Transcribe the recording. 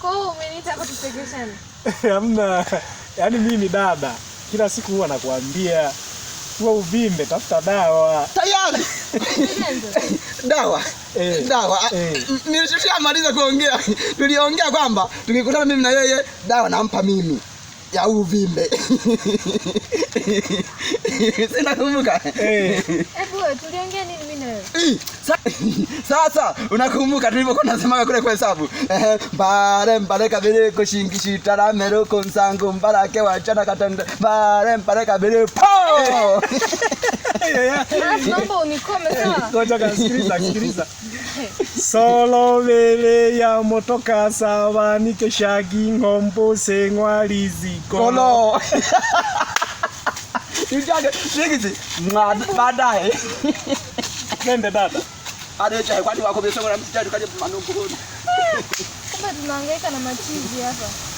Kwa hiyo Hamna. Yaani mimi dada, kila siku huwa nakuambia huwa uvimbe, tafuta dawa. Tayari. Dawa. Eh, dawa. Ah, eh. Nilishia maliza kuongea. Tuliongea kwamba tukikutana mimi na yeye dawa nampa mimi ya uvimbe. Sina kumbuka. Eh. Hebu tuliongea nini? Sasa unakumbuka tulivyokuwa tunasema kule kwa hesabu mbare mbare kabiri kushingishitara meruko msango mbarake wachana katanda mbare mbare kabele po Solo vele ya motoka sawa keshagi ngombo sengwalizi kolo. Baadaye Pembe baba. Hadi chai kwani wako besongo na mtitatu kaje manungu. Kumbe tunahangaika na machizi hapa.